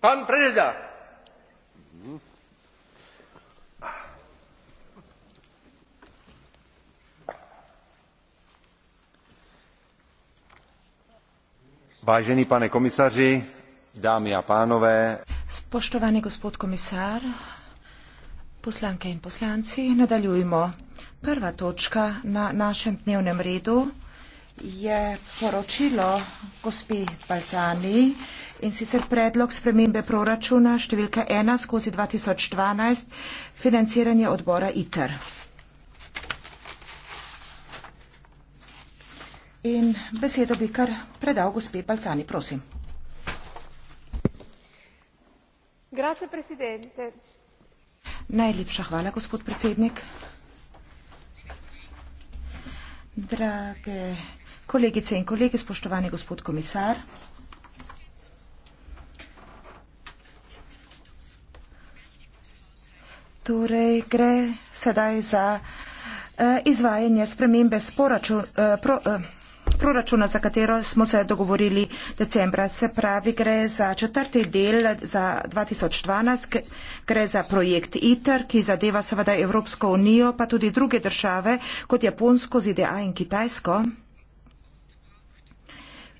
Pan predseda. Vážený pane komisaři, dámy a pánové. Spoštovani gospod komisar, poslanke in poslanci, nadaljujmo. Prva točka na našem dnevnem redu je poročilo gospi Balzani in sicer predlog spremembe proračuna številka 1 skozi 2012 financiranje odbora ITER. In besedo bi kar predal gospe Balzani, prosim. Grazie, Najlepša hvala, gospod predsednik. Drage kolegice in kolege, spoštovani gospod komisar. Torej gre sedaj za eh, izvajanje spremembe s proračun, eh, pro, eh, proračuna, za katero smo se dogovorili decembra. Se pravi, gre za četrti del za 2012, gre za projekt ITER, ki zadeva seveda Evropsko unijo, pa tudi druge države, kot Japonsko, ZDA in Kitajsko.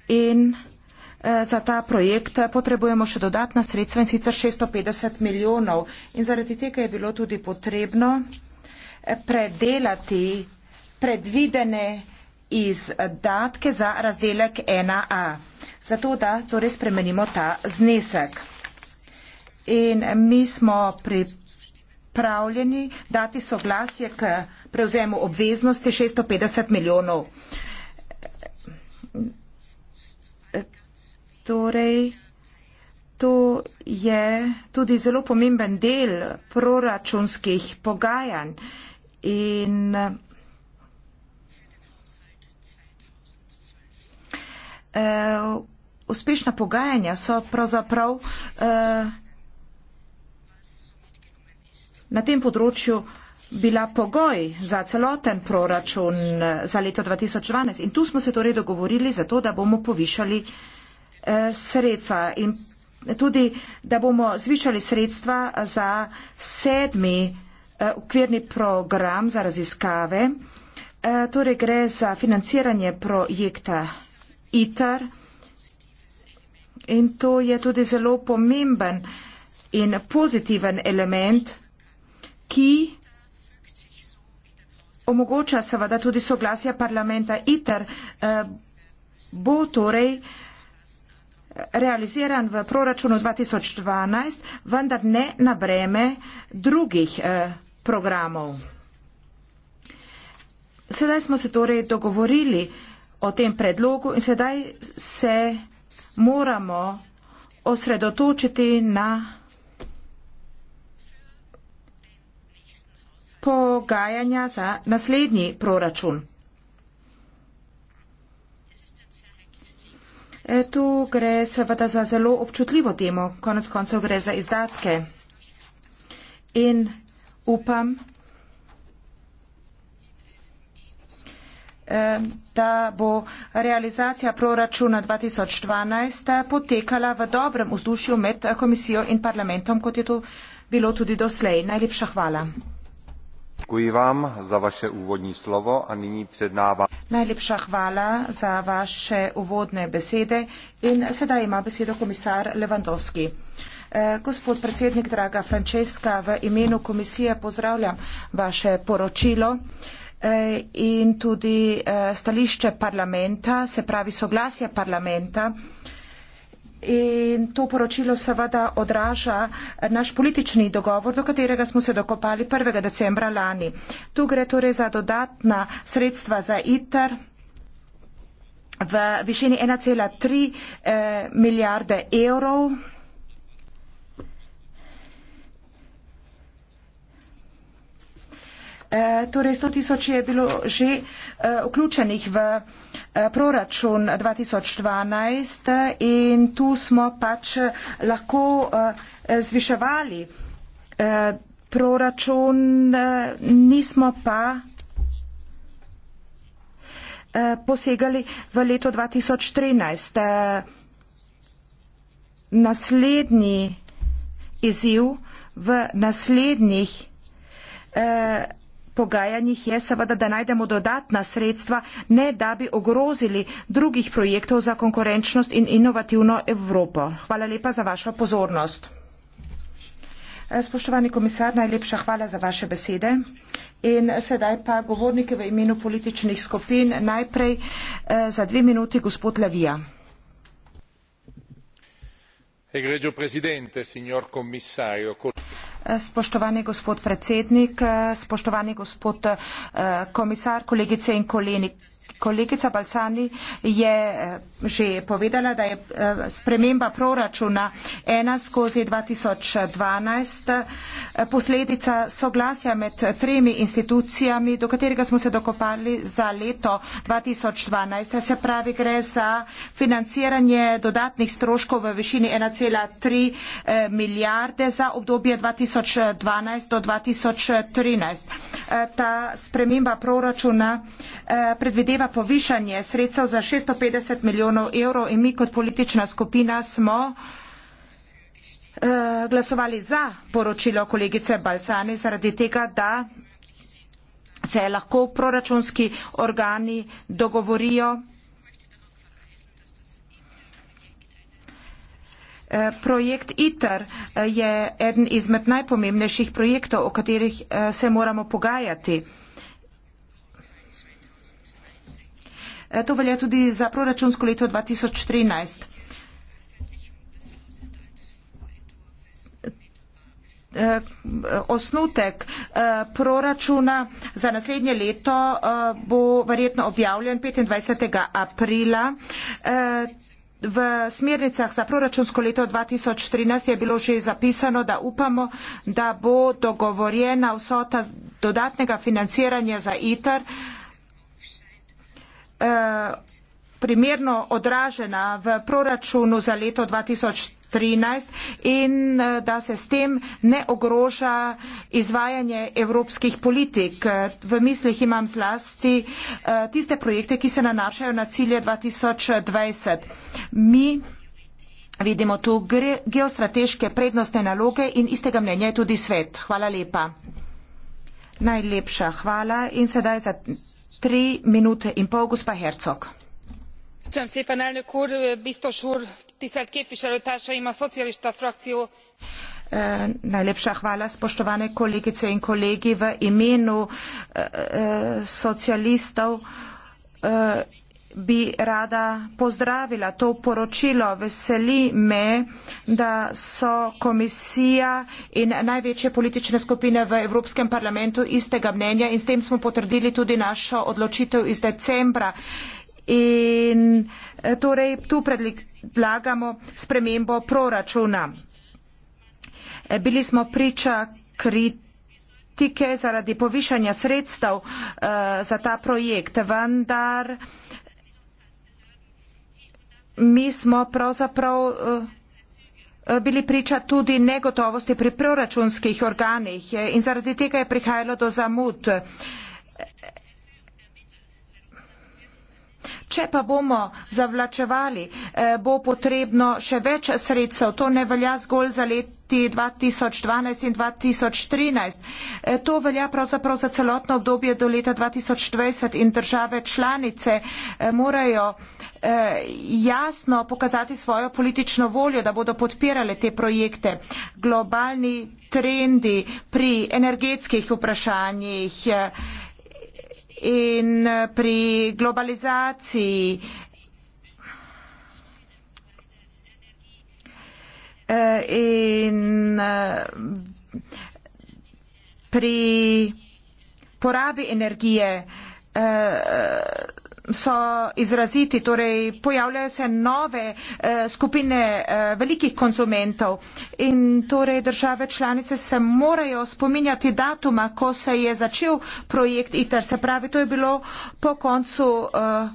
In eh, za ta projekt potrebujemo še dodatna sredstva in sicer 650 milijonov. In zaradi tega je bilo tudi potrebno eh, predelati predvidene izdatke za razdelek 1a, zato da torej spremenimo ta znesek. In mi smo pripravljeni dati soglasje k prevzemu obveznosti 650 milijonov. Torej, to je tudi zelo pomemben del proračunskih pogajanj in uh, uspešna pogajanja so pravzaprav uh, na tem področju bila pogoj za celoten proračun eh, za leto 2012. In tu smo se torej dogovorili za to, da bomo povišali eh, sredstva in tudi, da bomo zvišali sredstva za sedmi eh, ukvirni program za raziskave. Eh, torej gre za financiranje projekta ITER in to je tudi zelo pomemben in pozitiven element, ki omogoča seveda tudi soglasje parlamenta ITER, eh, bo torej eh, realiziran v proračunu 2012, vendar ne na breme drugih eh, programov. Sedaj smo se torej dogovorili, o tem predlogu in sedaj se moramo osredotočiti na pogajanja za naslednji proračun. E, tu gre seveda za zelo občutljivo temo, konec koncev gre za izdatke in upam, da Eh, da bo realizacija proračuna 2012 eh, potekala v dobrem vzdušju med eh, komisijo in parlamentom, kot je to bilo tudi doslej. Najlepša hvala. Děkuji vám za vaše úvodní slovo a nyní přednává. Najlepša hvala za vaše úvodné besede in sedaj ima besedo komisar Levandovski. Gospod predsednik, draga Francesca, v imenu komisije pozdravljam vaše poročilo. Eh, in tudi eh, stališče parlamenta, se pravi soglasje parlamenta. In to poročilo seveda odraža eh, naš politični dogovor, do katerega smo se dokopali 1. decembra lani. Tu gre torej za dodatna sredstva za ITER v višini 1,3 eh, milijarde evrov. Eh, torej 100 tisoč je bilo že eh, vključenih v eh, proračun 2012 in tu smo pač lahko zviševali proračun, nismo pa posegali v leto 2013. Naslednji izziv v naslednjih pogajanjih je seveda, da najdemo dodatna sredstva, ne da bi ogrozili drugih projektov za konkurenčnost in inovativno Evropo. Hvala lepa za vašo pozornost. E, spoštovani komisar, najlepša hvala za vaše besede. In sedaj pa govornike v imenu političnih skupin najprej e, za dve minuti gospod Levija spoštovani gospod predsednik spoštovani gospod eh, komisar kolegice in kolegi! Kolegica Balcani je eh, že povedala, da je eh, sprememba proračuna 1 skozi 2012 eh, posledica soglasja med tremi institucijami, do katerega smo se dokopali za leto 2012. Se pravi, gre za financiranje dodatnih stroškov v višini 1,3 milijarde za obdobje 2012 do 2013. Ta sprememba proračuna predvideva povišanje sredstev za 650 milijonov evrov in mi kot politična skupina smo eh, glasovali za poročilo kolegice Balcani zaradi tega, da se lahko proračunski organi dogovorijo. Eh, projekt ITER eh, je eden izmed najpomembnejših projektov, o katerih se moramo pogajati. Eh, to velja tudi za proračunsko leto 2013. Eh, osnutek eh, proračuna za naslednje leto bo verjetno objavljen 25. aprila. V smernicah za proračunsko leto 2013 je bilo že zapisano, da upamo, da bo dogovorjena vsota dodatnega financiranja za ITER, Eh, primerno odražena v proračunu za leto 2013 in eh, da se s tem ne ogroža izvajanje evropskih politik. V mislih imam zlasti eh, tiste projekte, ki se nanašajo na cilje 2020. Mi vidimo tu geostrateške prednostne naloge in istega mnenja je tudi svet. Hvala lepa. Najlepša hvala in sedaj za elnök úr biztos úr tisztelt képviselőtársaim! a szocialista frakció. Eh, najlepša hvala spoštovane kolegice in kolegi v imenu eh, eh, socialistov in seveda v imenu vseh kolegov ki so danes tukaj bi rada pozdravila to poročilo. Veseli me, da so komisija in največje politične skupine v Evropskem parlamentu istega mnenja in s tem smo potrdili tudi našo odločitev iz decembra. In eh, torej tu predlagamo spremembo proračuna. Eh, bili smo priča kritike zaradi povišanja sredstev uh, za ta projekt, vendar uh, mi smo pravzaprav eh, eh, bili priča tudi negotovosti pri proračunskih organih eh, in zaradi tega je prihajalo do zamud. Če pa bomo zavlačevali, bo potrebno še več sredstev. To ne velja zgolj za leti 2012 in 2013. To velja pravzaprav za celotno obdobje do leta 2020 in države članice morajo Eh, jasno pokazati svojo politično voljo, da bodo podpirale te projekte. Globalni trendi pri energetskih vprašanjih eh, in eh, pri globalizaciji in pri porabi energije so izraziti, torej pojavljajo se nove eh, skupine eh, velikih konzumentov in torej države članice se morajo spominjati datuma, ko se je začel projekt ITER, se pravi, to je bilo po koncu eh,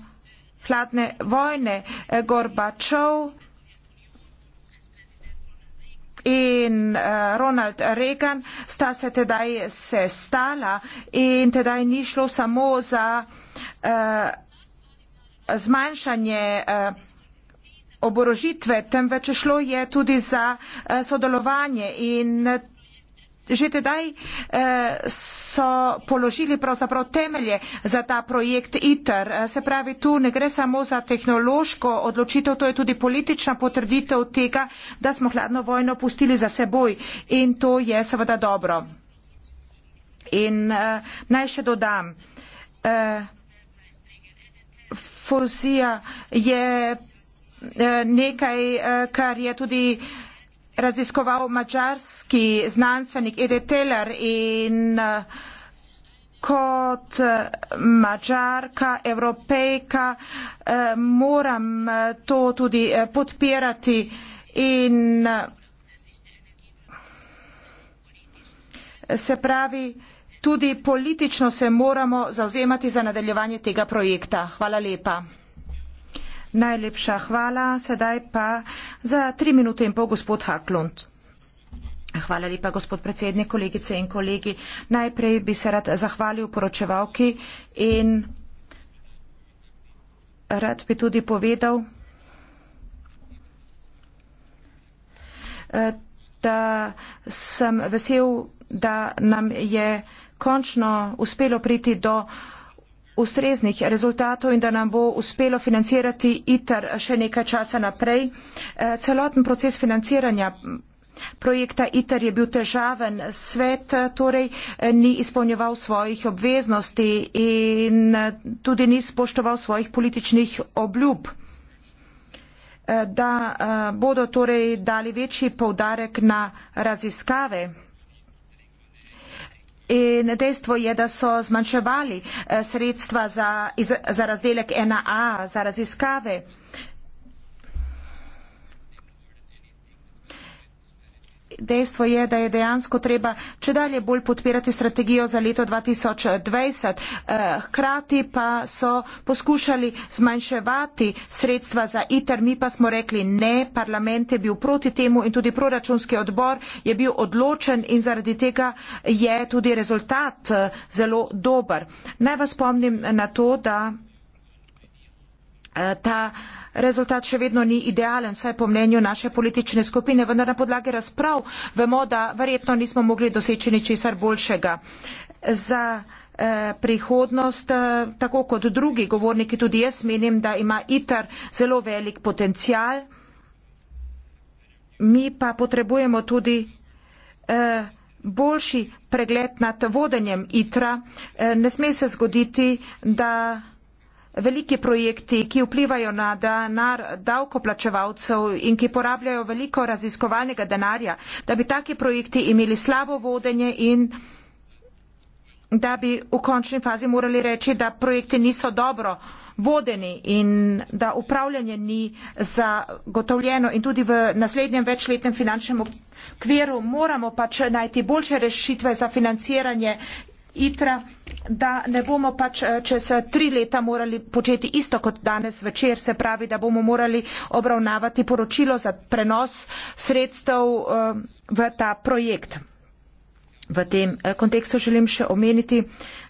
hladne vojne Gorbačov in Ronald Reagan sta se tedaj sestala in tedaj ni šlo samo za zmanjšanje eh, oborožitve, temveč šlo je tudi za eh, sodelovanje in eh, že tedaj so položili pravzaprav temelje za ta projekt ITER. Se pravi, tu ne gre samo za tehnološko odločitev, to je tudi politična potrditev tega, da smo hladno vojno pustili za seboj in to je seveda dobro. In uh, naj še dodam, uh, fuzija je eh, nekaj, eh, kar je tudi raziskoval mačarski znanstvenik Ede Teller in eh, kot mačarka, evropejka moram to tudi podpirati in se pravi, Tudi politično se moramo zauzemati za nadaljevanje tega projekta. Hvala lepa. Najlepša hvala. Sedaj pa za tri minute in pol gospod Haklund. Hvala lepa, gospod predsednik, kolegice in kolegi. Najprej bi se rad zahvalil poročevalki in rad bi tudi povedal, eh, da sem vesel, da nam je končno uspelo priti do ustreznih rezultatov in da nam bo uspelo financirati ITER še nekaj časa naprej. Eh, celoten proces financiranja projekta ITER je bil težaven, svet eh, torej eh, ni izpolnjeval svojih obveznosti in tudi ni spoštoval svojih političnih obljub da bodo torej dali večji povdarek na raziskave In dejstvo je, da so zmanjševali eh, sredstva za, za razdelek 1A, za raziskave. dejstvo je, da je dejansko treba če dalje bolj podpirati strategijo za leto 2020. Eh, hkrati pa so poskušali zmanjševati sredstva za ITER, mi pa smo rekli ne, parlament je bil proti temu in tudi proračunski odbor je bil odločen in zaradi tega je tudi rezultat eh, zelo dober. Naj vas spomnim na to, da eh, ta rezultat še vedno ni idealen, saj po mnenju naše politične skupine, vendar na podlagi razprav vemo, da verjetno nismo mogli doseči ničesar boljšega. Za eh, prihodnost, eh, tako kot drugi govorniki, tudi jaz menim, da ima ITER zelo velik potencial. Mi pa potrebujemo tudi eh, boljši pregled nad vodenjem ITRA. Ne sme se zgoditi, da veliki projekti, ki vplivajo na denar davkoplačevalcev in ki porabljajo veliko raziskovalnega denarja, da bi taki projekti imeli slabo vodenje in da bi v končni fazi morali reči, da projekti niso dobro vodeni in da upravljanje ni zagotovljeno in tudi v naslednjem večletnem finančnem okviru moramo pač najti boljše rešitve za financiranje ITRA da ne bomo pač eh, čez eh, tri leta morali početi isto kot danes večer, se pravi, da bomo morali obravnavati poročilo za prenos sredstev eh, v ta projekt. V tem kontekstu želim še omeniti,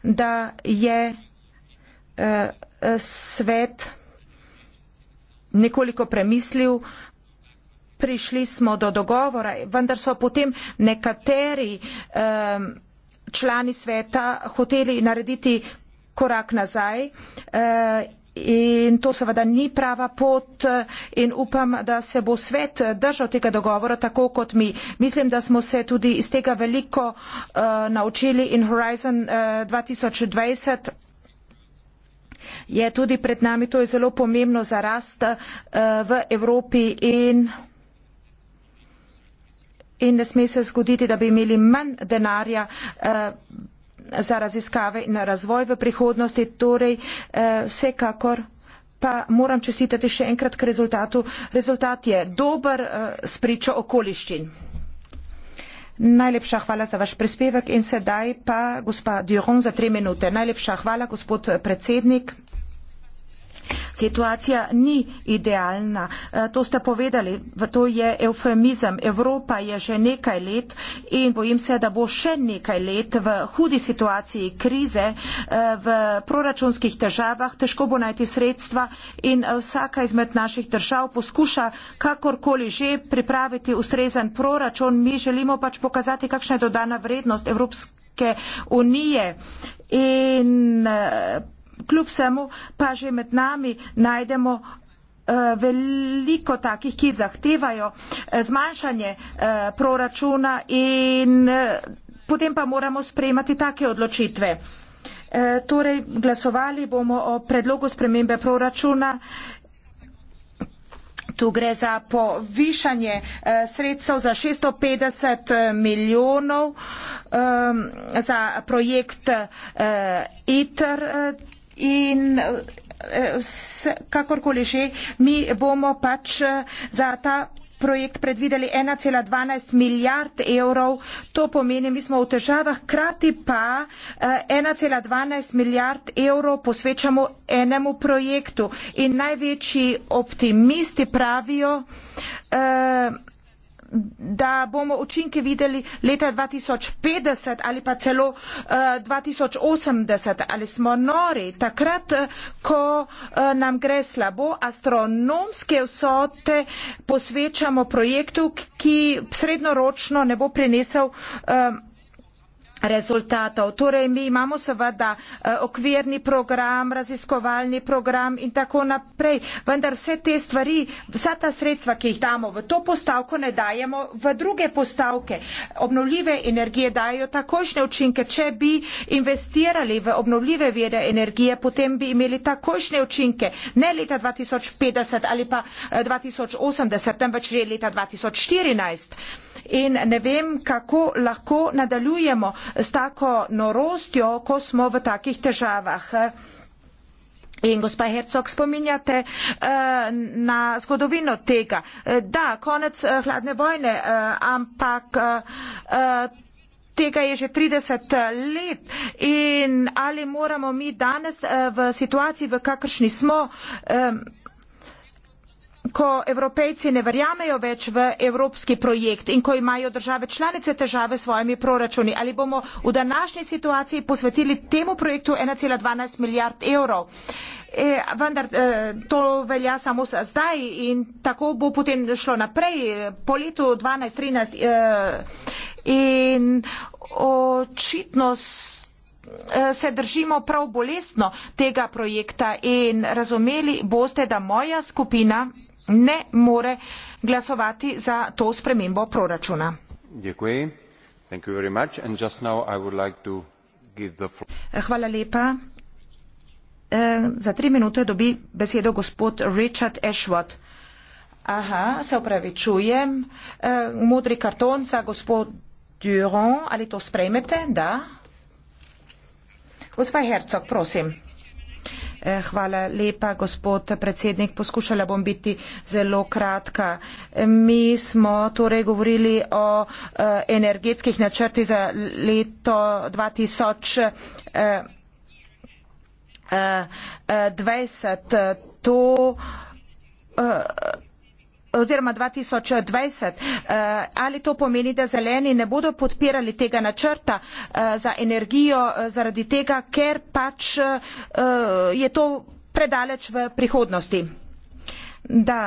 da je svet nekoliko premislil, prišli smo do dogovora, vendar so potem nekateri um, člani sveta hoteli narediti korak nazaj eh, in to seveda ni prava pot eh, in upam, da se bo svet držal tega dogovora tako kot mi. Mislim, da smo se tudi iz tega veliko eh, naučili in Horizon 2020 je tudi pred nami, to je zelo pomembno za rast v Evropi in in ne sme se zgoditi, da bi imeli manj denarja eh, za raziskave in razvoj v prihodnosti, torej eh, vsekakor pa moram čestitati še enkrat k rezultatu. Rezultat je dober eh, spričo okoliščin. Najlepša hvala za vaš prispevek in sedaj pa gospa Duron za tri minute. Najlepša hvala, gospod predsednik. Situacija ni idealna. Eh, to ste povedali, to je eufemizem. Evropa je že nekaj let in bojim se, da bo še nekaj let v hudi situaciji krize, eh, v proračunskih težavah, težko bo najti sredstva in eh, vsaka izmed naših držav poskuša kakorkoli že pripraviti ustrezen proračun. Mi želimo pač pokazati, kakšna je dodana vrednost Evropske unije. In kljub vsemu pa že med nami najdemo eh, veliko takih, ki zahtevajo eh, zmanjšanje eh, proračuna in potem pa moramo sprejemati take odločitve. Torej, glasovali bomo o predlogu spremembe proračuna. Tu gre za povišanje sredstev za 650 milijonov za projekt ITER in vse, eh, kakorkoli že, mi bomo pač eh, za ta projekt predvideli 1,12 milijard evrov. To pomeni, mi smo v težavah, krati pa 1,12 eh, milijard evrov posvečamo enemu projektu. In največji optimisti pravijo, eh, da bomo učinke videli leta 2050 ali pa celo uh, eh, 2080, ali smo nori takrat, eh, ko uh, nam gre slabo, astronomske vsote posvečamo projektu, ki srednjeročno ne bo prinesel uh, rezultatov. Torej, mi imamo seveda eh, okvirni program, raziskovalni program in tako naprej, vendar vse te stvari, vsa ta sredstva, ki jih damo v to postavko, ne dajemo v druge postavke. Obnovljive energije dajo takošne učinke. Če bi investirali v obnovljive vire energije, potem bi imeli takošne učinke, ne leta 2050 ali pa 2080, eh, temveč že leta 2014 in ne vem, kako lahko nadaljujemo s tako norostjo, ko smo v takih težavah. In gospa Hercog, spominjate uh, na zgodovino tega. Eh, da, konec uh, hladne vojne, uh, ampak. Uh, uh, Tega je že 30 let in ali moramo mi danes v situaciji, v kakršni smo, ko evropejci ne verjamejo več v evropski projekt in ko imajo države članice težave s svojimi proračuni? Ali bomo v današnji situaciji posvetili temu projektu 1,12 milijard evrov? E, vendar e, to velja samo za zdaj in tako bo potem šlo naprej po letu 2012-2013 e, in očitno e, se držimo prav bolestno tega projekta in razumeli boste, da moja skupina ne more glasovati za to spremembo proračuna. Hvala lepa. Eh, za tri minute dobi besedo gospod Richard Ashworth. Aha, se upravičujem. Eh, modri karton za gospod Durand, ali to sprejmete? Da. Gospa Hercog, prosim. Eh, hvala lepa, gospod predsednik. Poskušala bom biti zelo kratka. Mi smo torej govorili o eh, energetskih načrti za leto 2020. Eh, to oziroma 2020. Eh, ali to pomeni, da zeleni ne bodo podpirali tega načrta eh, za energijo eh, zaradi tega, ker pač je to predaleč v prihodnosti? Da.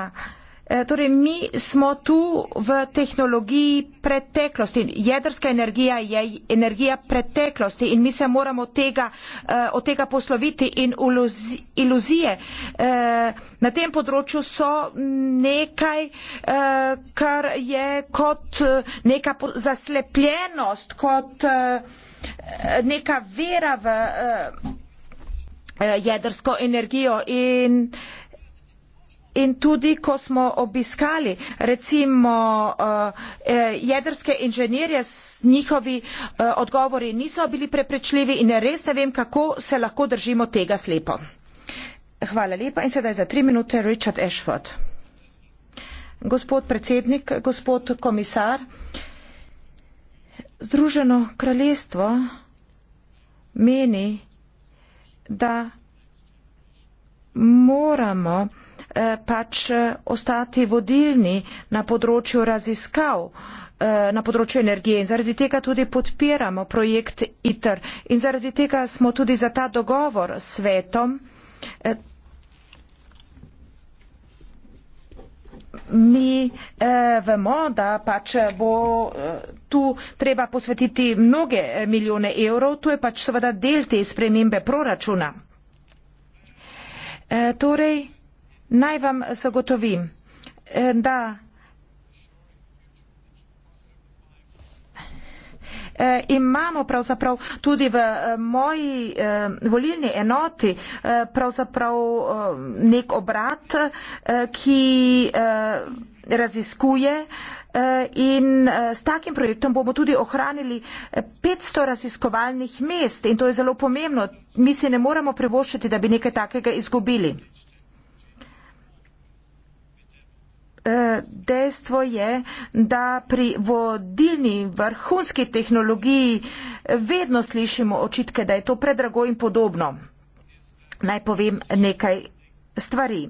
E, torej, mi smo tu v tehnologiji preteklosti. Jedrska energija je energija preteklosti in mi se moramo tega, e, od tega posloviti in iluzije. E, na tem področju so nekaj, kar je kot neka zaslepljenost, kot neka vera v jedrsko energijo. In, in tudi ko smo obiskali recimo eh, eh, jedrske inženirje, njihovi eh, odgovori niso bili preprečljivi in res ne vem, kako se lahko držimo tega slepo. Hvala lepa in sedaj za tri minute Richard Ashford. Gospod predsednik, gospod komisar, Združeno kraljestvo meni, da moramo Eh, pač eh, ostati vodilni na področju raziskav eh, na področju energije in zaradi tega tudi podpiramo projekt ITER in zaradi tega smo tudi za ta dogovor s svetom. Mi eh, vemo, da pač bo eh, tu treba posvetiti mnoge milijone evrov, to je pač seveda del te spremembe proračuna. Eh, torej, Naj vam zagotovim, eh, da eh, imamo pravzaprav tudi v eh, moji volilni enoti pravzaprav nek obrat, ki raziskuje in s takim projektom bomo tudi ohranili 500 raziskovalnih mest in to je zelo pomembno. Mi si ne moremo privoščiti, da bi nekaj takega izgubili. dejstvo je, da pri vodilni vrhunski tehnologiji vedno slišimo očitke, da je to predrago in podobno. Naj povem nekaj stvari.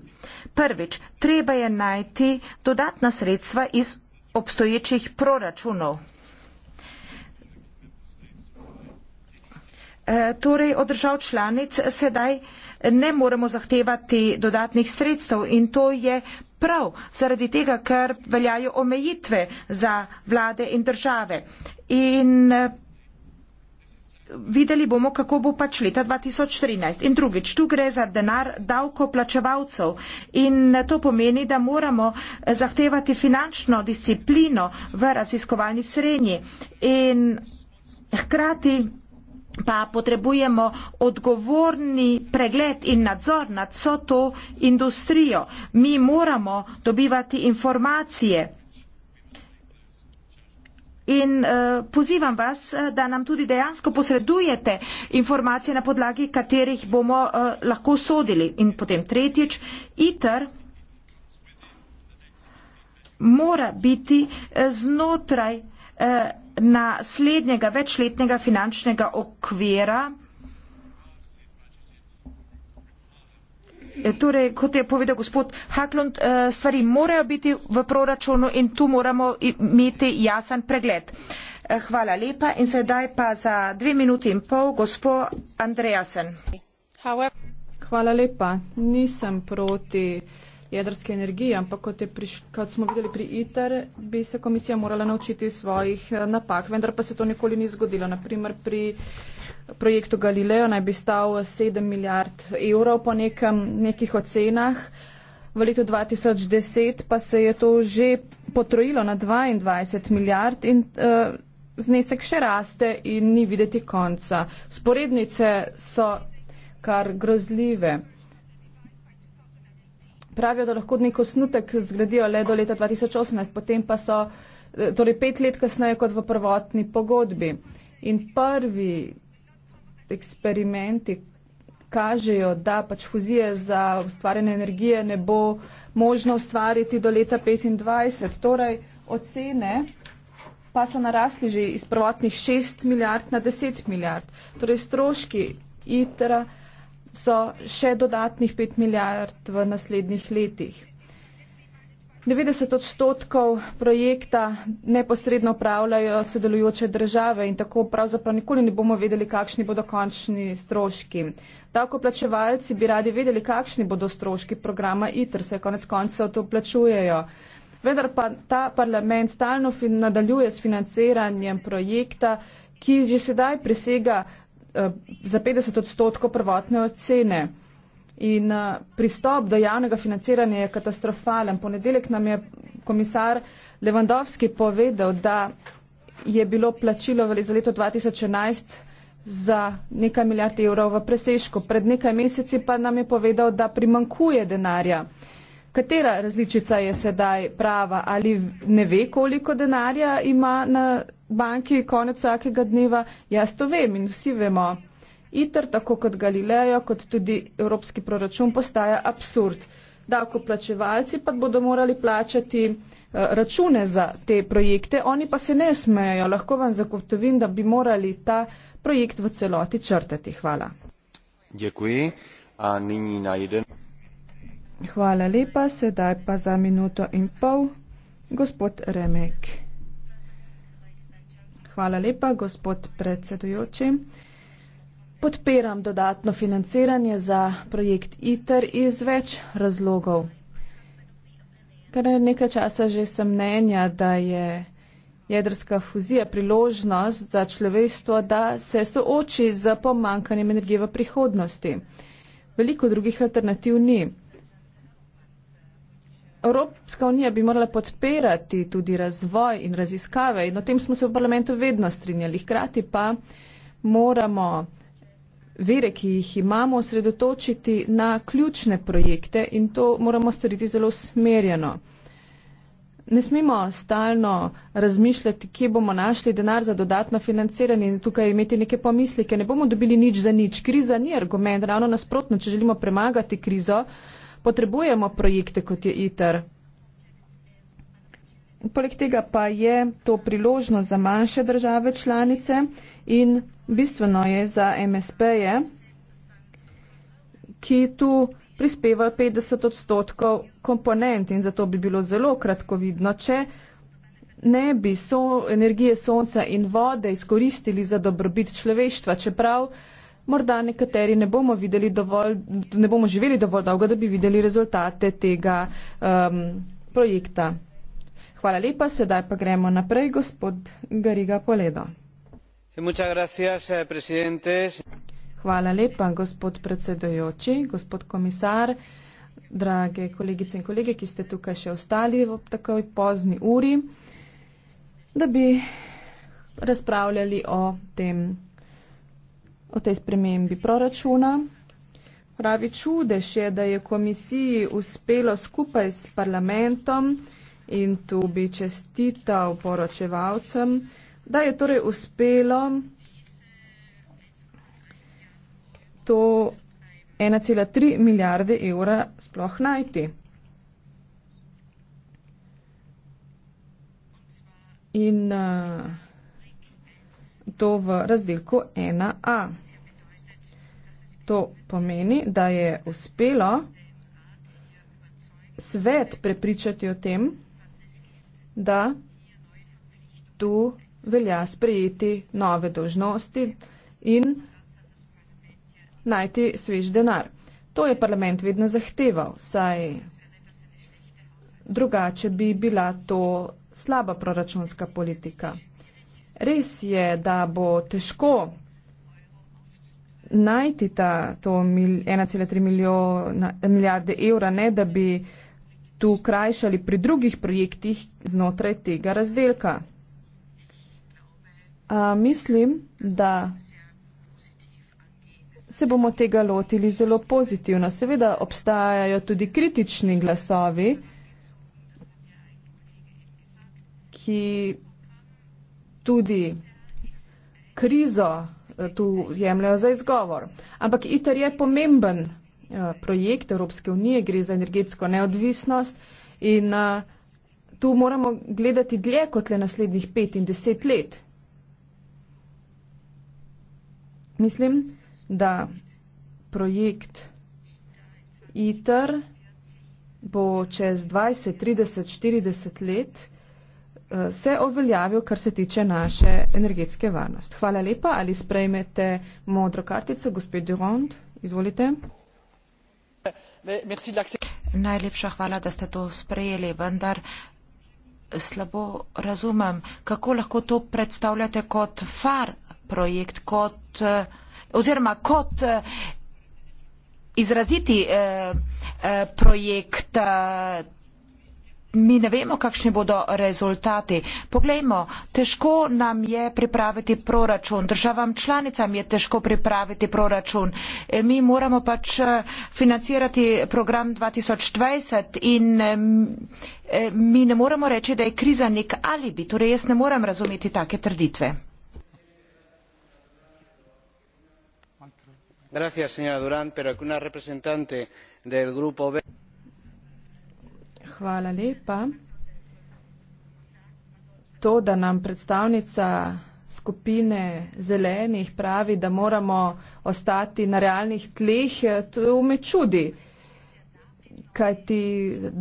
Prvič, treba je najti dodatna sredstva iz obstoječih proračunov. E, torej, od držav članic sedaj ne moremo zahtevati dodatnih sredstev in to je Prav, zaradi tega, ker veljajo omejitve za vlade in države. In eh, videli bomo, kako bo pač leta 2013. In drugič, tu gre za denar davkoplačevalcev in eh, to pomeni, da moramo eh, zahtevati finančno disciplino v raziskovalni srednji. In hkrati pa potrebujemo odgovorni pregled in nadzor nad vso to industrijo. Mi moramo dobivati informacije. In uh, pozivam vas, eh, da nam tudi dejansko posredujete informacije, na podlagi katerih bomo uh, lahko sodili. In potem tretjič, ITER mora biti uh, znotraj uh, naslednjega večletnega finančnega okvira. E, torej, kot je povedal gospod Haklund, e, stvari morajo biti v proračunu in tu moramo imeti jasen pregled. E, hvala lepa in sedaj pa za dve minuti in pol gospod Andrejasen. Hvala lepa. Nisem proti jedrske energije, ampak kot, priš, kot smo videli pri ITER, bi se komisija morala naučiti svojih eh, napak, vendar pa se to nikoli ni zgodilo. Naprimer pri projektu Galileo naj bi stal 7 milijard evrov po nekem, nekih ocenah, v letu 2010 pa se je to že potrojilo na 22 milijard in uh, znesek še raste in ni videti konca. Sporednice so kar grozljive pravijo, da lahko nek osnutek zgradijo le do leta 2018, potem pa so eh, torej pet let kasneje kot v prvotni pogodbi. In prvi eksperimenti kažejo, da pač fuzije za ustvarjanje energije ne bo možno ustvariti do leta 2025. Torej, ocene pa so narasli že iz prvotnih 6 milijard na 10 milijard. Torej, stroški ITRA so še dodatnih 5 milijard v naslednjih letih. 90 odstotkov projekta neposredno upravljajo sodelujoče države in tako pravzaprav nikoli ne bomo vedeli, kakšni bodo končni stroški. Tako plačevalci bi radi vedeli, kakšni bodo stroški programa ITR, se konec koncev to plačujejo. Vendar pa ta parlament stalno nadaljuje s financiranjem projekta, ki že sedaj presega Eh, za 50 odstotkov prvotne ocene. In eh, pristop do javnega financiranja je katastrofalen. Ponedeljek nam je komisar Levandovski povedal, da je bilo plačilo za leto 2011 za nekaj milijard evrov v presežku. Pred nekaj meseci pa nam je povedal, da primankuje denarja. Katera različica je sedaj prava? Ali ne ve, koliko denarja ima na banki konec vsakega dneva, jaz to vem in vsi vemo. ITR, tako kot Galileja, kot tudi evropski proračun, postaja absurd. Davkoplačevalci pa bodo morali plačati eh, račune za te projekte, oni pa se ne smejo. Lahko vam zagotovim, da bi morali ta projekt v celoti črtati. Hvala. Hvala lepa, sedaj pa za minuto in pol. Gospod Remek. Hvala lepa, gospod predsedujoči. Podpiram dodatno financiranje za projekt ITER iz več razlogov. Kar nekaj časa že sem mnenja, da je jedrska fuzija priložnost za človeštvo, da se sooči z pomankanjem energije v prihodnosti. Veliko drugih alternativ ni. Evropska unija bi morala podpirati tudi razvoj in raziskave in o tem smo se v parlamentu vedno strinjali. Hkrati pa moramo vere, ki jih imamo, osredotočiti na ključne projekte in to moramo storiti zelo smerjeno. Ne smemo stalno razmišljati, kje bomo našli denar za dodatno financiranje in tukaj imeti neke pomisleke. Ne bomo dobili nič za nič. Kriza ni argument. Ravno nasprotno, če želimo premagati krizo, potrebujemo projekte, kot je ITER. Poleg tega pa je to priložnost za manjše države članice in bistveno je za MSP-je, ki tu prispevajo 50 odstotkov komponent in zato bi bilo zelo kratkovidno, če ne bi so, energije sonca in vode izkoristili za dobrobit človeštva, čeprav morda nekateri ne bomo, dovolj, ne bomo živeli dovolj dolgo, da bi videli rezultate tega um, projekta. Hvala lepa, sedaj pa gremo naprej, gospod Gariga Poledo. Eh, Hvala lepa, gospod predsedojoči, gospod komisar, drage kolegice in kolege, ki ste tukaj še ostali ob takoj pozni uri, da bi razpravljali o tem o tej spremembi proračuna. Pravi čudež je, da je komisiji uspelo skupaj s parlamentom in tu bi čestital poročevalcem, da je torej uspelo to 1,3 milijarde evra sploh najti. In uh, to v razdelku 1a. To pomeni, da je uspelo svet prepričati o tem, da tu velja sprejeti nove dožnosti in najti svež denar. To je parlament vedno zahteval, saj drugače bi bila to slaba proračunska politika. Res je, da bo težko najti ta 1,3 milijona, milijarde evra, ne da bi tu krajšali pri drugih projektih znotraj tega razdelka. A, mislim, da se bomo tega lotili zelo pozitivno. Seveda obstajajo tudi kritični glasovi, ki tudi krizo eh, tu jemljajo za izgovor. Ampak ITER je pomemben eh, projekt Evropske unije, gre za energetsko neodvisnost in eh, tu moramo gledati dlje kot le naslednjih pet in deset let. Mislim, da projekt ITER bo čez 20, 30, 40 let Eh, se oveljavil, kar se tiče naše energetske varnosti. Hvala lepa. Ali sprejmete modro kartico, gospod Durand? Izvolite. Najlepša hvala, da ste to sprejeli, vendar slabo razumem, kako lahko to predstavljate kot far projekt, kot, eh, oziroma kot eh, izraziti eh, projekt. Eh, mi ne vemo, kakšni bodo rezultati. Poglejmo, težko nam je pripraviti proračun, državam članicam je težko pripraviti proračun. E, mi moramo pač e, financirati program 2020 in e, mi ne moremo reči, da je kriza nek alibi. Torej, jaz ne moram razumeti take trditve. Gracias, señora Durán, pero que una representante del grupo B hvala lepa. To, da nam predstavnica skupine zelenih pravi, da moramo ostati na realnih tleh, to me čudi. Kajti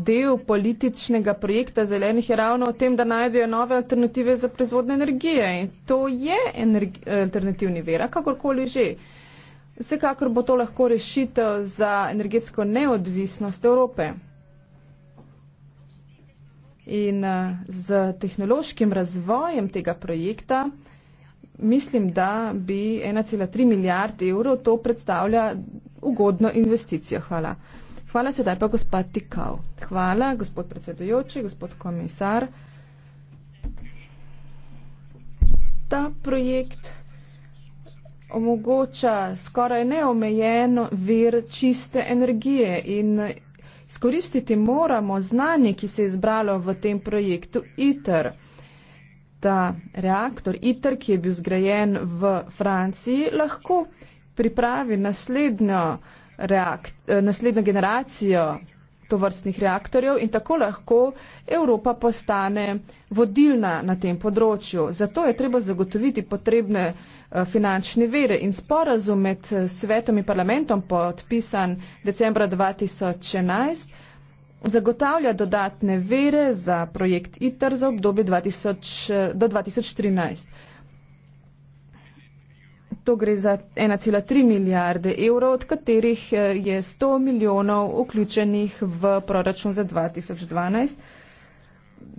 del političnega projekta zelenih je ravno v tem, da najdejo nove alternative za proizvodne energije. In to je alternativni vera, kakorkoli že. Vsekakor bo to lahko rešitev za energetsko neodvisnost Evrope. In eh, z tehnološkim razvojem tega projekta mislim, da bi 1,3 milijard evrov to predstavlja ugodno investicijo. Hvala. Hvala sedaj pa gospod Tikal. Hvala, gospod predsedujoči, gospod komisar. Ta projekt omogoča skoraj neomejeno vir čiste energije in Skoristiti moramo znanje, ki se je izbralo v tem projektu ITER. Ta reaktor ITER, ki je bil zgrajen v Franciji, lahko pripravi naslednjo, reakt, eh, naslednjo generacijo tovrstnih reaktorjev in tako lahko Evropa postane vodilna na tem področju. Zato je treba zagotoviti potrebne Eh, finančne vere in sporazum med eh, svetom in parlamentom podpisan decembra 2011 zagotavlja dodatne vere za projekt ITER za obdobje 2000, eh, do 2013. To gre za 1,3 milijarde evrov, od katerih je 100 milijonov vključenih v proračun za 2012.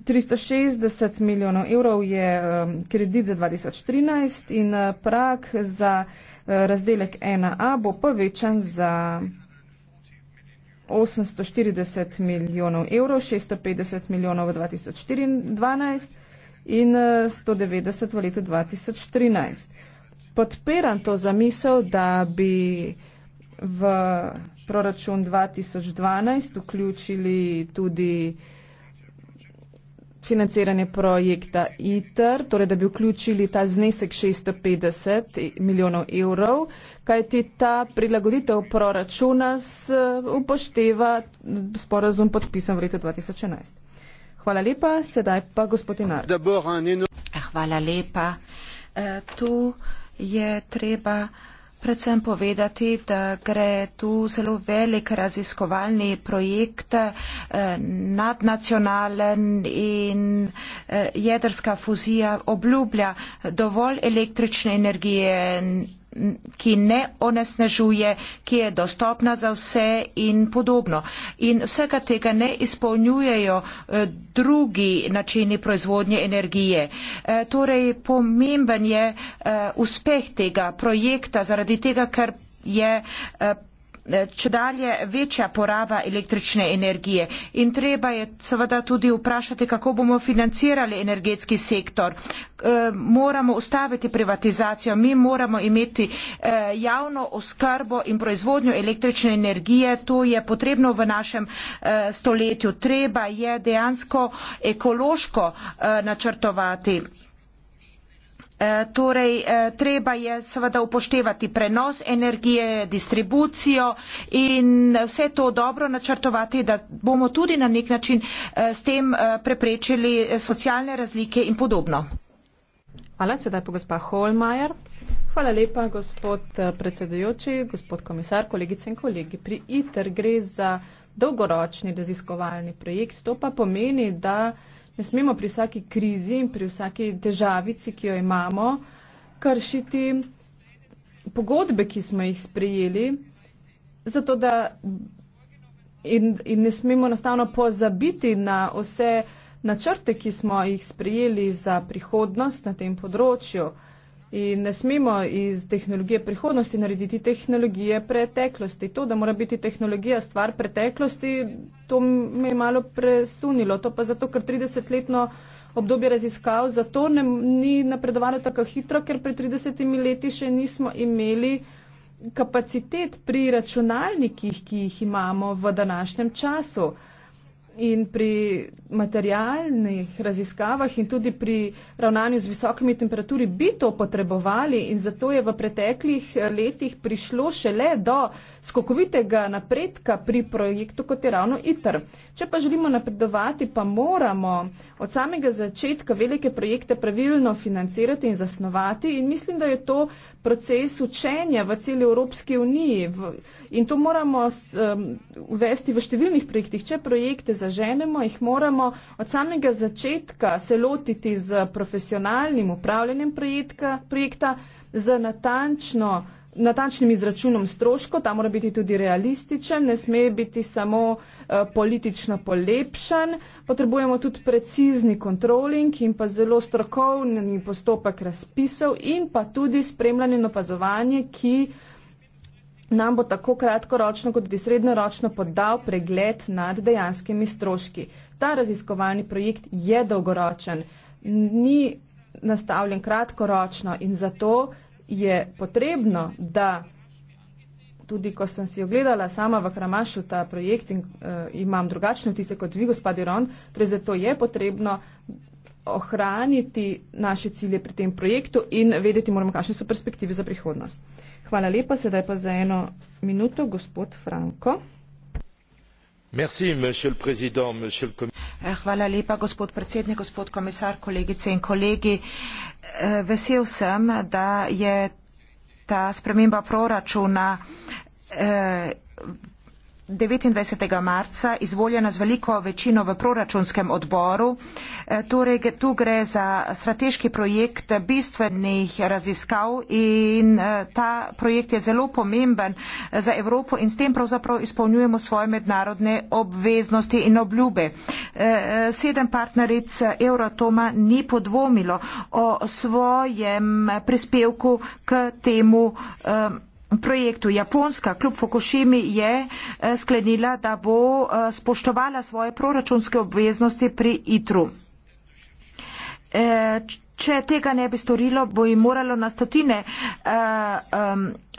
360 milijonov evrov je um, kredit za 2013 in uh, prak za uh, razdelek 1A bo povečan za 840 milijonov evrov, 650 milijonov v 2012 in uh, 190 v letu 2013. Podpiram to zamisel, da bi v proračun 2012 vključili tudi uh, financiranje projekta ITER, torej da bi vključili ta znesek 650 milijonov evrov, kajti ta prilagoditev proračuna upošteva sporazum podpisan v letu 2011. Hvala lepa, sedaj pa gospod Inar. Hvala lepa. Eh, tu je treba predvsem povedati, da gre tu zelo velik raziskovalni projekt eh, nadnacionalen in eh, jedrska fuzija obljublja dovolj električne energije ki ne onesnažuje, ki je dostopna za vse in podobno. In vsega tega ne izpolnjujejo eh, drugi načini proizvodnje energije. Eh, torej, pomemben je eh, uspeh tega projekta zaradi tega, ker je Eh, če dalje večja poraba električne energije. In treba je seveda tudi vprašati, kako bomo financirali energetski sektor. Eh, moramo ustaviti privatizacijo, mi moramo imeti eh, javno oskrbo in proizvodnjo električne energije, to je potrebno v našem stoletju. Treba je dejansko ekološko načrtovati. Eh, torej, eh, treba je seveda upoštevati prenos energije, distribucijo in vse to dobro načrtovati, da bomo tudi na nek način eh, s tem preprečili socialne razlike in podobno. Hvala, sedaj pa gospa Holmajer. Hvala lepa, gospod predsedujoči, gospod komisar, kolegice in kolegi. Pri ITER gre za dolgoročni raziskovalni projekt, to pa pomeni, da Ne smemo pri vsaki krizi in pri vsaki težavici, ki jo imamo, kršiti pogodbe, ki smo jih sprejeli, zato da in, in ne smemo enostavno pozabiti na vse načrte, ki smo jih sprejeli za prihodnost na tem področju. In ne smemo iz tehnologije prihodnosti narediti tehnologije preteklosti. To, da mora biti tehnologija stvar preteklosti, to me je malo presunilo. To pa zato, ker 30-letno obdobje raziskav zato ne, ni napredovalo tako hitro, ker pred 30 leti še nismo imeli kapacitet pri računalnikih, ki jih imamo v današnjem času in pri materialnih raziskavah in tudi pri ravnanju z visokimi temperaturi bi to potrebovali in zato je v preteklih eh, letih prišlo šele do skokovitega napredka pri projektu, kot je ravno ITR. Če pa želimo napredovati, pa moramo od samega začetka velike projekte pravilno financirati in zasnovati in mislim, da je to proces učenja v celi Evropski uniji v, in to moramo um, uvesti v številnih projektih. Če projekte zaženemo, jih moramo od samega začetka se lotiti z profesionalnim upravljanjem projekta, projekta z natančno uh, natančnim izračunom stroško, ta mora biti tudi realističen, ne sme biti samo eh, politično polepšan, potrebujemo tudi precizni kontroling in pa zelo strokovni postopek razpisov in pa tudi spremljanje in opazovanje, ki nam bo tako kratkoročno kot tudi srednjeročno podal pregled nad dejanskimi stroški. Ta raziskovalni projekt je dolgoročen, ni nastavljen kratkoročno in zato je potrebno, da tudi ko sem si ogledala sama v Kramašu ta projekt in uh, imam drugačne vtise kot vi, gospod Iron, torej zato je potrebno ohraniti naše cilje pri tem projektu in vedeti moramo, kakšne so perspektive za prihodnost. Hvala lepa, sedaj pa za eno minuto, gospod Franko. Eh, hvala lepa gospod predsednik gospod komisar kolegice in kolegi eh, vesel sem da je ta sprememba proračuna v eh, 29. marca izvoljena z veliko večino v proračunskem odboru. E, torej, tu gre za strateški projekt bistvenih raziskav in e, ta projekt je zelo pomemben e, za Evropo in s tem pravzaprav izpolnjujemo svoje mednarodne obveznosti in obljube. Sedem partneric Eurotoma ni podvomilo o svojem prispevku k temu um, projektu Japonska kljub Fukushimi je eh, sklenila, da bo eh, spoštovala svoje proračunske obveznosti pri ITRU. Eh, če tega ne bi storilo, bo jim moralo na stotine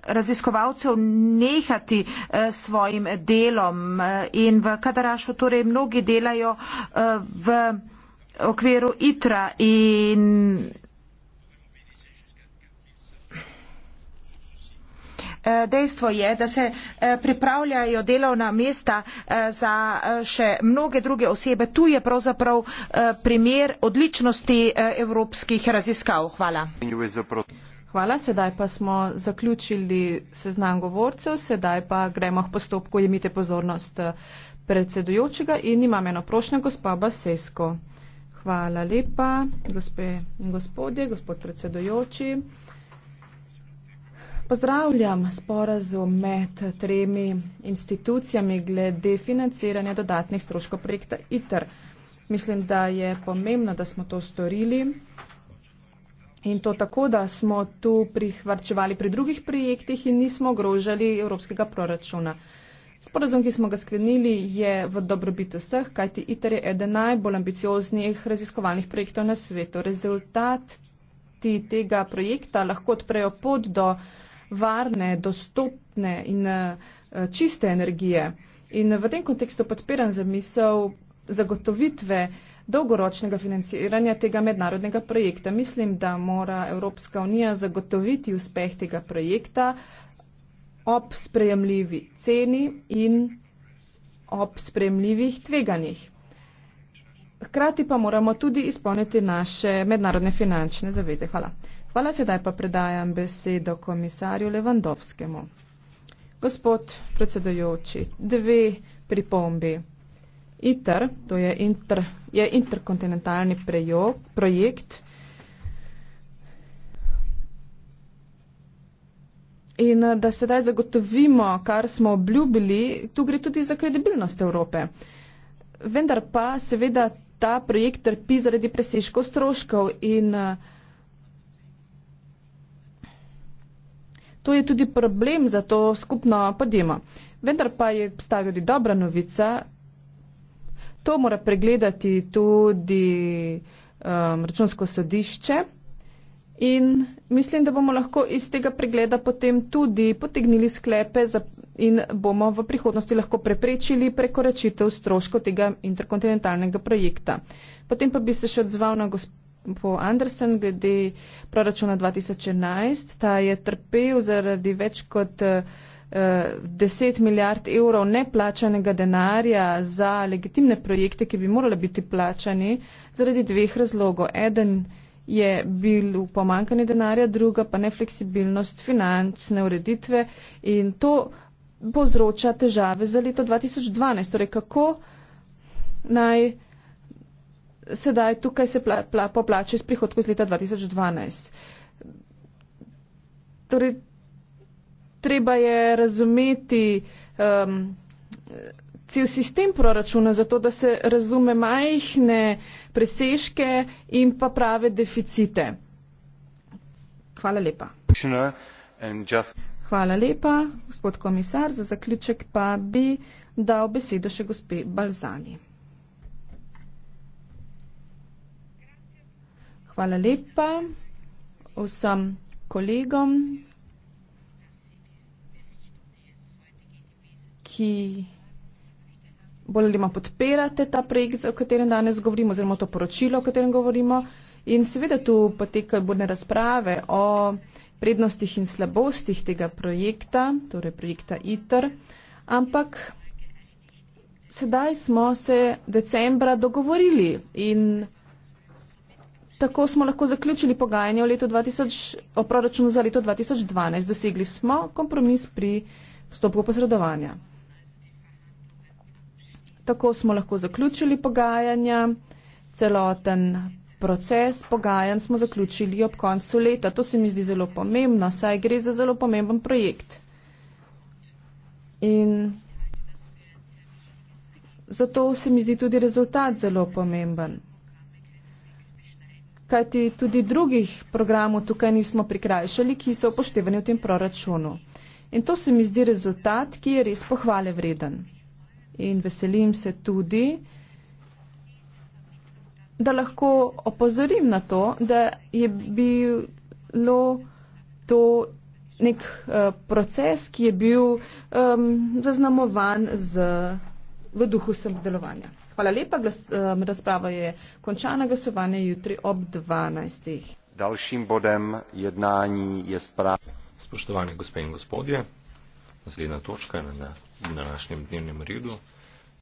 raziskovalcev nehati svojim delom in v Kadarašu torej mnogi delajo v okviru ITRA in Eh, dejstvo je, da se eh, pripravljajo delovna mesta eh, za še mnoge druge osebe. Tu je pravzaprav primer odličnosti evropskih raziskav. Hvala. Hvala, sedaj pa smo zaključili seznam govorcev, sedaj pa gremo v postopku, imite pozornost predsedujočega in imam eno prošnjo gospa Basesko. Hvala lepa, gospe in gospodje, gospod predsedujoči. Pozdravljam sporazum med tremi institucijami glede financiranja dodatnih stroškov projekta ITER. Mislim, da je pomembno, da smo to storili in to tako, da smo tu prihvarčevali pri drugih projektih in nismo ogrožali evropskega proračuna. Sporazum, ki smo ga sklenili, je v dobrobit vseh, kajti ITER je eden najbolj ambicioznih raziskovalnih projektov na svetu. Rezultati tega projekta lahko odprejo pot do varne, dostopne in eh, čiste energije. In v tem kontekstu podpiram zamisel zagotovitve dolgoročnega financiranja tega mednarodnega projekta. Mislim, da mora Evropska unija zagotoviti uspeh tega projekta ob sprejemljivi ceni in ob sprejemljivih tveganjih. Hkrati pa moramo tudi izpolniti naše mednarodne finančne zaveze. Hvala. Hvala, sedaj pa predajam besedo komisarju Levandovskemu. Gospod predsedojoči, dve pripombi. ITER, to je, inter, je interkontinentalni prejog, projekt. In eh, da sedaj zagotovimo, kar smo obljubili, tu gre tudi za kredibilnost Evrope. Vendar pa seveda ta projekt trpi zaradi presežkov stroškov in uh, To je tudi problem za to skupno podjema. Vendar pa je obstaja tudi dobra novica. To mora pregledati tudi um, računsko sodišče in mislim, da bomo lahko iz tega pregleda potem tudi potegnili sklepe za, in bomo v prihodnosti lahko preprečili prekoračitev stroško tega interkontinentalnega projekta. Potem pa bi se še odzval na gospodarstvo bo Andersen glede proračuna 2011. Ta je trpel zaradi več kot uh, eh, 10 milijard evrov neplačanega denarja za legitimne projekte, ki bi morali biti plačani, zaradi dveh razlogov. Eden je bil pomankanje denarja, druga pa nefleksibilnost finančne ureditve in to povzroča težave za leto 2012. Torej, kako naj sedaj tukaj se pla, pla, poplače iz prihodkov iz leta 2012. Torej, treba je razumeti um, cel sistem proračuna, zato da se razume majhne presežke in pa prave deficite. Hvala lepa. Hvala lepa, gospod komisar. Za zaključek pa bi dal besedo še gospe Balzani. Hvala lepa vsem kolegom, ki bolj ali manj podpirate ta projekt, o katerem danes govorimo, oziroma to poročilo, o katerem govorimo. In seveda tu potekajo burne razprave o prednostih in slabostih tega projekta, torej projekta ITER. Ampak sedaj smo se decembra dogovorili in Tako smo lahko zaključili pogajanje o, letu 2000, o proračunu za leto 2012. Dosegli smo kompromis pri postopku posredovanja. Tako smo lahko zaključili pogajanja, celoten proces pogajanj smo zaključili ob koncu leta. To se mi zdi zelo pomembno, saj gre za zelo pomemben projekt. In zato se mi zdi tudi rezultat zelo pomemben kajti tudi drugih programov tukaj nismo prikrajšali, ki so upoštevani v tem proračunu. In to se mi zdi rezultat, ki je res pohvale vreden. In veselim se tudi, da lahko opozorim na to, da je bilo to nek uh, proces, ki je bil um, zaznamovan z, v duhu samodelovanja. Hvala lepa, glas, um, razprava je končana, glasovanje jutri ob 12. Dalším bodem jednání je správa. Spoštovani gospe in gospodje, naslednja točka na današnjem dnevnem redu.